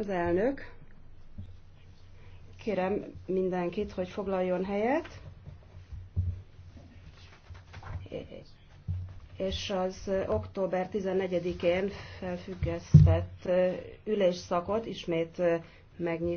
Az elnök. Kérem mindenkit, hogy foglaljon helyet. És az október 14-én felfüggesztett ülésszakot ismét megnyit.